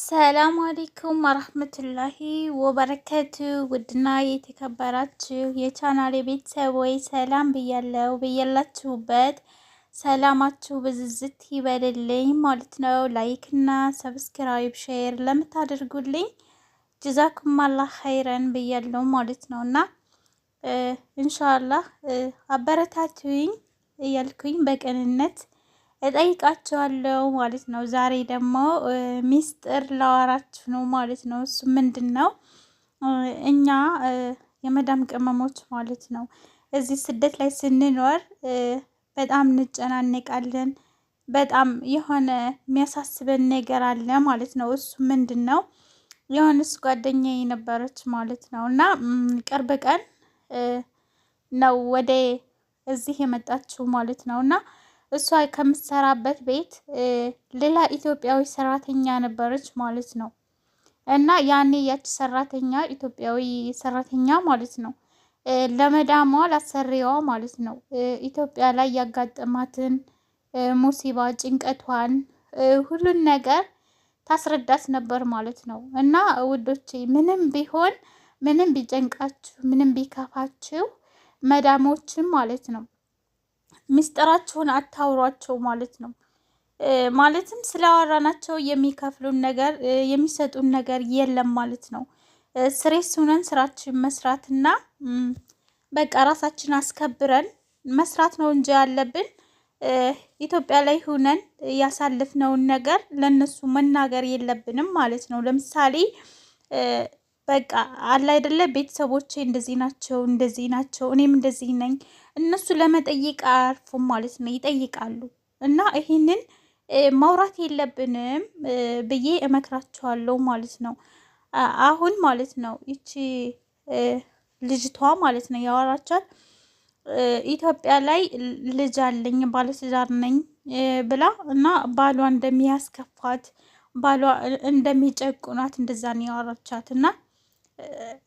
ሰላም አሌይኩም ወራህመቱላሂ ወበረከቱ። ውድና የተከበራችሁ የቻናል ቤተሰብ ወይ ሰላም ብያለው። ብያላችሁበት ሰላማችሁ ብዝዝት ይበልልኝ ማለት ነው። ላይክና ሰብስክራይብ ሼር ለምታደርጉልኝ ጅዛኩም አላህ ኸይረን ብያለው ማለት ነው እና እንሻላህ አበረታቱኝ እያልኩኝ በቅንነት የጠይቃቸዋለው ማለት ነው። ዛሬ ደግሞ ሚስጥር ላወራችሁ ነው ማለት ነው። እሱ ምንድን ነው? እኛ የመዳም ቅመሞች ማለት ነው እዚህ ስደት ላይ ስንኖር በጣም እንጨናነቃለን። በጣም የሆነ የሚያሳስበን ነገር አለ ማለት ነው። እሱ ምንድን ነው? የሆነች ጓደኛ የነበረች ማለት ነው እና ቅርብ ቀን ነው ወደ እዚህ የመጣችው ማለት ነው እና እሷ ከምትሰራበት ቤት ሌላ ኢትዮጵያዊ ሰራተኛ ነበረች ማለት ነው። እና ያኔ ያች ሰራተኛ ኢትዮጵያዊ ሰራተኛ ማለት ነው ለመዳሟ ላሰሪዋ ማለት ነው ኢትዮጵያ ላይ ያጋጠማትን ሙሲባ፣ ጭንቀቷን፣ ሁሉን ነገር ታስረዳት ነበር ማለት ነው። እና ውዶቼ ምንም ቢሆን ምንም ቢጨንቃችሁ ምንም ቢከፋችሁ መዳሞችን ማለት ነው ምስጢራቸውን አታውሯቸው ማለት ነው። ማለትም ስላወራናቸው የሚከፍሉን ነገር የሚሰጡን ነገር የለም ማለት ነው። ስሬስ ሆነን ስራችን መስራትና በቃ ራሳችን አስከብረን መስራት ነው እንጂ ያለብን ኢትዮጵያ ላይ ሆነን ያሳልፍነውን ነገር ለነሱ መናገር የለብንም ማለት ነው። ለምሳሌ በቃ አለ አይደለ ቤተሰቦች እንደዚህ ናቸው እንደዚህ ናቸው እኔም እንደዚህ ነኝ። እነሱ ለመጠየቅ አያርፉም ማለት ነው ይጠይቃሉ። እና ይህንን ማውራት የለብንም ብዬ እመክራቸዋለሁ ማለት ነው። አሁን ማለት ነው ይቺ ልጅቷ ማለት ነው ያወራቻት ኢትዮጵያ ላይ ልጅ አለኝ ባለትዳር ነኝ ብላ እና ባሏ እንደሚያስከፋት ባሏ እንደሚጨቁናት እንደዛ ነው ያወራቻት እና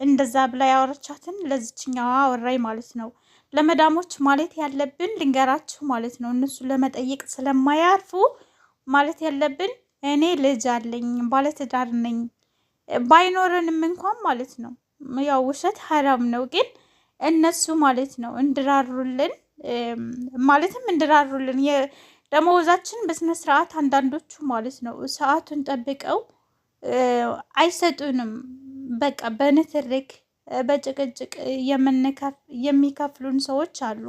እንደዛ ብላ ያወረቻትን ለዚችኛዋ አወራይ ማለት ነው። ለመዳሞች ማለት ያለብን ልንገራችሁ ማለት ነው። እነሱ ለመጠየቅ ስለማያርፉ ማለት ያለብን እኔ ልጅ አለኝ ባለትዳር ነኝ ባይኖረንም እንኳን ማለት ነው። ያው ውሸት ሀራም ነው፣ ግን እነሱ ማለት ነው እንድራሩልን ማለትም እንድራሩልን ደመወዛችን በስነ ስርዓት አንዳንዶቹ ማለት ነው ሰዓቱን ጠብቀው አይሰጡንም። በቃ በንትርክ በጭቅጭቅ የሚከፍሉን ሰዎች አሉ።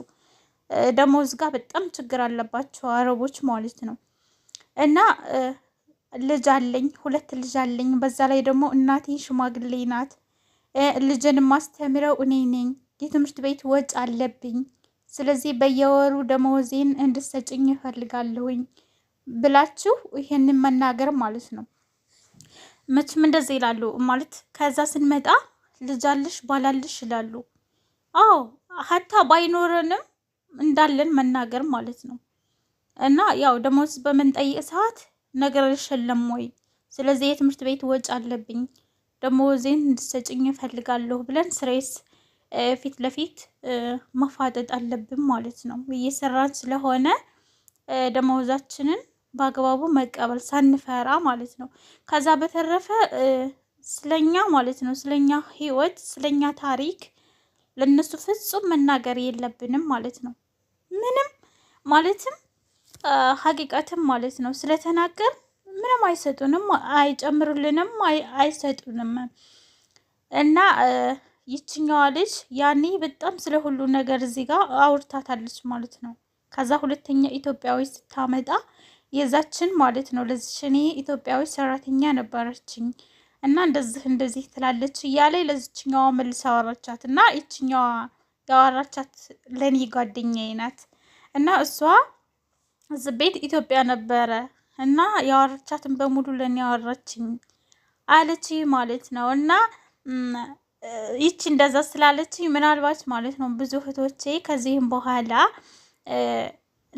ደሞዝ ጋር በጣም ችግር አለባቸው አረቦች ማለት ነው። እና ልጅ አለኝ ሁለት ልጅ አለኝ። በዛ ላይ ደግሞ እናቴ ሽማግሌ ናት። ልጅን ማስተምረው እኔ ነኝ። የትምህርት ቤት ወጪ አለብኝ። ስለዚህ በየወሩ ደመወዜን እንድሰጭኝ ይፈልጋለሁኝ ብላችሁ ይህንን መናገር ማለት ነው። መቼም እንደዚህ ይላሉ ማለት ከዛ ስንመጣ ልጃልሽ ባላልሽ ይላሉ። አዎ ሀታ ባይኖረንም እንዳለን መናገር ማለት ነው። እና ያው ደሞዝ በምንጠይቅ ሰዓት ነገር የለም ወይ ስለዚህ የትምህርት ቤት ወጪ አለብኝ ደሞዜን እንድሰጭኝ እፈልጋለሁ ብለን ስሬስ ፊት ለፊት መፋጠጥ አለብን ማለት ነው። እየሰራን ስለሆነ ደሞዛችንን በአግባቡ መቀበል ሳንፈራ ማለት ነው። ከዛ በተረፈ ስለኛ ማለት ነው ስለኛ ህይወት፣ ስለኛ ታሪክ ለእነሱ ፍጹም መናገር የለብንም ማለት ነው። ምንም ማለትም ሀቂቀትም ማለት ነው ስለተናገር ምንም አይሰጡንም፣ አይጨምሩልንም፣ አይሰጡንም እና ይችኛዋ ልጅ ያኔ በጣም ስለ ሁሉ ነገር እዚህ ጋር አውርታታለች ማለት ነው። ከዛ ሁለተኛ ኢትዮጵያዊ ስታመጣ የዛችን ማለት ነው ለዚች እኔ ኢትዮጵያዊ ሰራተኛ ነበረችኝ እና እንደዚህ እንደዚህ ትላለች እያለ ለዚችኛዋ መልስ አወራቻት እና ይችኛዋ ያወራቻት ለእኔ ጓደኛዬ ናት እና እሷ እዚ ቤት ኢትዮጵያ ነበረ እና ያወራቻትን በሙሉ ለእኔ ያወራችኝ አለች ማለት ነው እና ይቺ እንደዛ ስላለች ምናልባት ማለት ነው ብዙ እህቶቼ ከዚህም በኋላ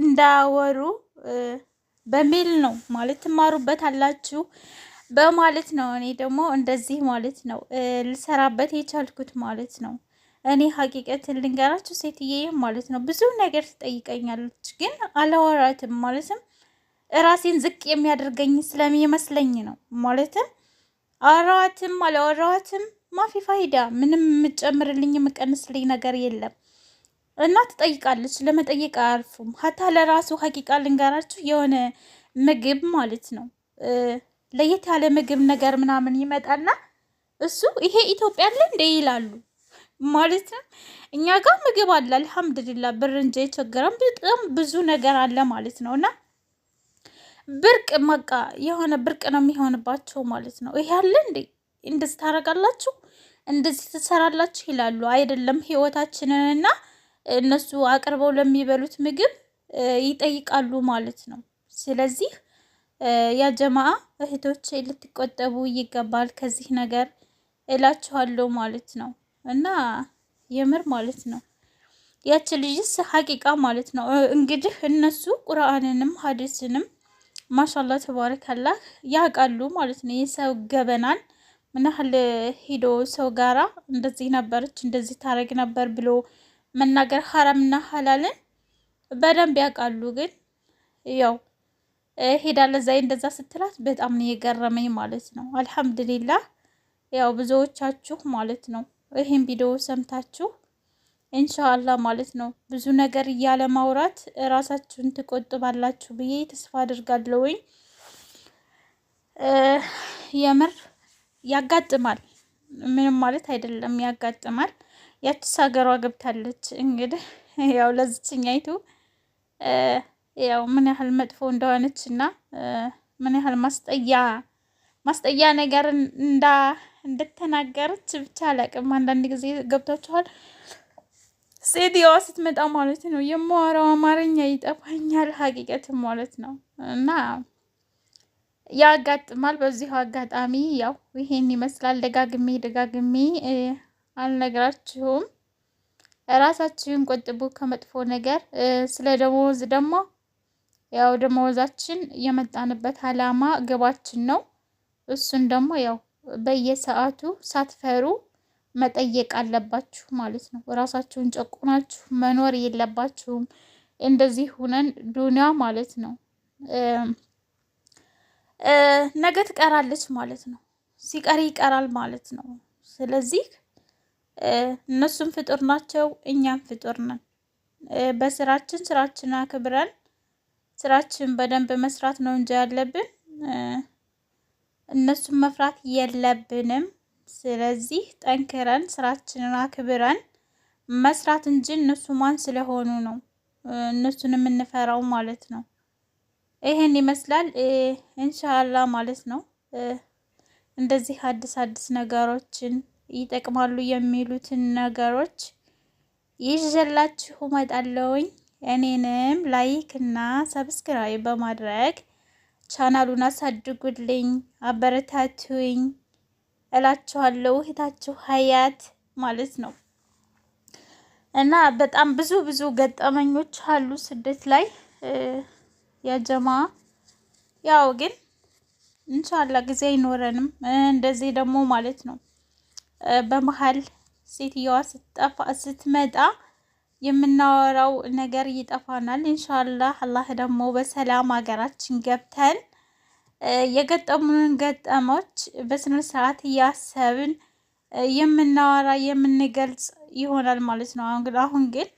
እንዳወሩ በሚል ነው ማለት ትማሩበት አላችሁ በማለት ነው። እኔ ደግሞ እንደዚህ ማለት ነው ልሰራበት የቻልኩት ማለት ነው። እኔ ሀቂቀትን ልንገራችሁ ሴትዬ ማለት ነው ብዙ ነገር ትጠይቀኛለች፣ ግን አላወራትም ማለትም እራሴን ዝቅ የሚያደርገኝ ስለሚመስለኝ ነው ማለትም አወራዋትም አላወራዋትም ማፊ ፋይዳ ምንም የምጨምርልኝ የምቀንስልኝ ነገር የለም። እና ትጠይቃለች። ለመጠየቅ አያርፉም። ሀታ ለራሱ ሀቂቃ ልንገራችሁ፣ የሆነ ምግብ ማለት ነው ለየት ያለ ምግብ ነገር ምናምን ይመጣና እሱ ይሄ ኢትዮጵያ ለ እንደ ይላሉ ማለት ነው። እኛ ጋር ምግብ አለ አልሐምዱሊላ፣ ብር እንጂ የቸገረም በጣም ብዙ ነገር አለ ማለት ነው። እና ብርቅ መቃ የሆነ ብርቅ ነው የሚሆንባቸው ማለት ነው። ይሄ አለ እንዴ እንደዚህ ታደርጋላችሁ፣ እንደዚህ ትሰራላችሁ ይላሉ። አይደለም ህይወታችንንና እነሱ አቅርበው ለሚበሉት ምግብ ይጠይቃሉ ማለት ነው። ስለዚህ ያ ጀማአ እህቶች ልትቆጠቡ ይገባል ከዚህ ነገር እላችኋለሁ ማለት ነው። እና የምር ማለት ነው ያች ልጅስ ሀቂቃ ማለት ነው። እንግዲህ እነሱ ቁርአንንም ሀዲስንም ማሻላ ተባረከላህ ያውቃሉ ማለት ነው። የሰው ገበናን ምን ያህል ሂዶ ሰው ጋራ እንደዚህ ነበረች እንደዚህ ታረግ ነበር ብሎ መናገር ሀራምና ሀላልን በደንብ ያውቃሉ። ግን ያው ሄዳለ ዛይ እንደዛ ስትላት በጣም ነው የገረመኝ ማለት ነው። አልሐምድሊላህ ያው ብዙዎቻችሁ ማለት ነው ይህን ቪዲዮ ሰምታችሁ ኢንሻአላህ ማለት ነው ብዙ ነገር እያለ ማውራት ራሳችሁን ትቆጥባላችሁ ብዬ ተስፋ አድርጋለሁኝ። የምር ያጋጥማል፣ ምንም ማለት አይደለም፣ ያጋጥማል። ያቺስ ሀገሯ ገብታለች። እንግዲህ ያው ለዚችኛይቱ ያው ምን ያህል መጥፎ እንደሆነች እና ምን ያህል ማስጠያ ማስጠያ ነገር እንዳ እንደተናገረች ብቻ አላቅም። አንዳንድ ጊዜ ገብታችኋል። ሴትየዋ ስትመጣ ማለት ነው የማወራው አማርኛ ይጠፋኛል፣ ሀቂቀትም ማለት ነው እና ያጋጥማል። በዚሁ አጋጣሚ ያው ይሄን ይመስላል። ደጋግሜ ደጋግሜ አልነግራችሁም። ራሳችሁን ቆጥቡ ከመጥፎ ነገር። ስለ ደሞዝ ደግሞ ያው ደመወዛችን የመጣንበት አላማ ግባችን ነው። እሱን ደግሞ ያው በየሰዓቱ ሳትፈሩ መጠየቅ አለባችሁ ማለት ነው። ራሳችሁን ጨቁናችሁ መኖር የለባችሁም። እንደዚህ ሁነን ዱኒያ ማለት ነው ነገ ትቀራለች ማለት ነው። ሲቀር ይቀራል ማለት ነው። ስለዚህ እነሱም ፍጡር ናቸው፣ እኛም ፍጡር ነን። በስራችን ስራችን አክብረን ስራችን በደንብ መስራት ነው እንጂ ያለብን እነሱን መፍራት የለብንም። ስለዚህ ጠንክረን ስራችንን አክብረን መስራት እንጂ እነሱ ማን ስለሆኑ ነው እነሱን የምንፈራው ማለት ነው። ይህን ይመስላል እንሻላ ማለት ነው። እንደዚህ አዲስ አዲስ ነገሮችን ይጠቅማሉ የሚሉትን ነገሮች ይዘላችሁ መጣለውኝ። እኔንም ላይክ እና ሰብስክራይብ በማድረግ ቻናሉን አሳድጉልኝ፣ አበረታቱኝ እላችኋለሁ። እህታችሁ ሀያት ማለት ነው እና በጣም ብዙ ብዙ ገጠመኞች አሉ ስደት ላይ ያጀማ ያው ግን እንሻላ ጊዜ አይኖረንም። እንደዚህ ደግሞ ማለት ነው በመሀል ሴትየዋ ስትጠፋ ስትመጣ የምናወራው ነገር ይጠፋናል። ኢንሻአላህ አላህ ደግሞ በሰላም ሀገራችን ገብተን የገጠሙንን ገጠሞች በስነ ስርዓት እያሰብን የምናወራ የምንገልጽ ይሆናል ማለት ነው። አሁን ግን አሁን ግን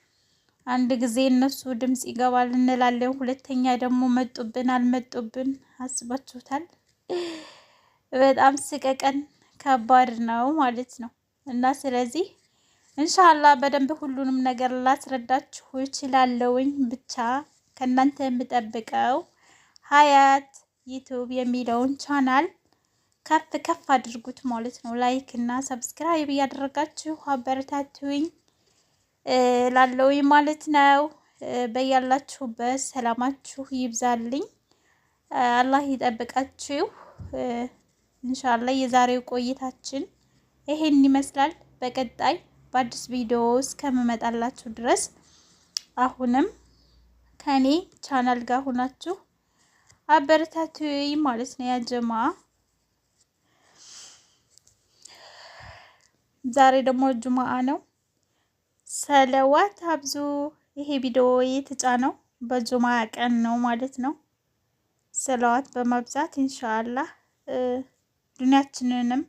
አንድ ጊዜ እነሱ ድምፅ ይገባል እንላለን፣ ሁለተኛ ደግሞ መጡብን አልመጡብን አስባችሁታል። በጣም ስቀቀን ከባድ ነው ማለት ነው እና ስለዚህ እንሻላ በደንብ ሁሉንም ነገር ላስረዳችሁ እችላለሁኝ። ብቻ ከእናንተ የምጠብቀው ሀያት ዩቱብ የሚለውን ቻናል ከፍ ከፍ አድርጉት ማለት ነው። ላይክ እና ሰብስክራይብ እያደረጋችሁ አበረታቱኝ ላለውኝ ማለት ነው። በያላችሁበት ሰላማችሁ ይብዛልኝ። አላህ ይጠብቃችሁ። እንሻላ የዛሬው ቆይታችን ይሄን ይመስላል። በቀጣይ በአዲስ ቪዲዮ እስከምመጣላችሁ ድረስ አሁንም ከኔ ቻናል ጋር ሆናችሁ አበረታቱኝ ማለት ነው። ያጀማ ዛሬ ደግሞ ጁማአ ነው። ሰለዋት አብዙ። ይሄ ቪዲዮ የተጫነው በጁማአ ቀን ነው ማለት ነው። ሰለዋት በመብዛት ኢንሻአላህ ዱንያችንንም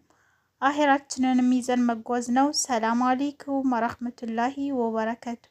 አሄራችንንም ይዘን መጓዝ ነው። ሰላም አሌይኩም ወረህመቱላሂ ወበረከቱ።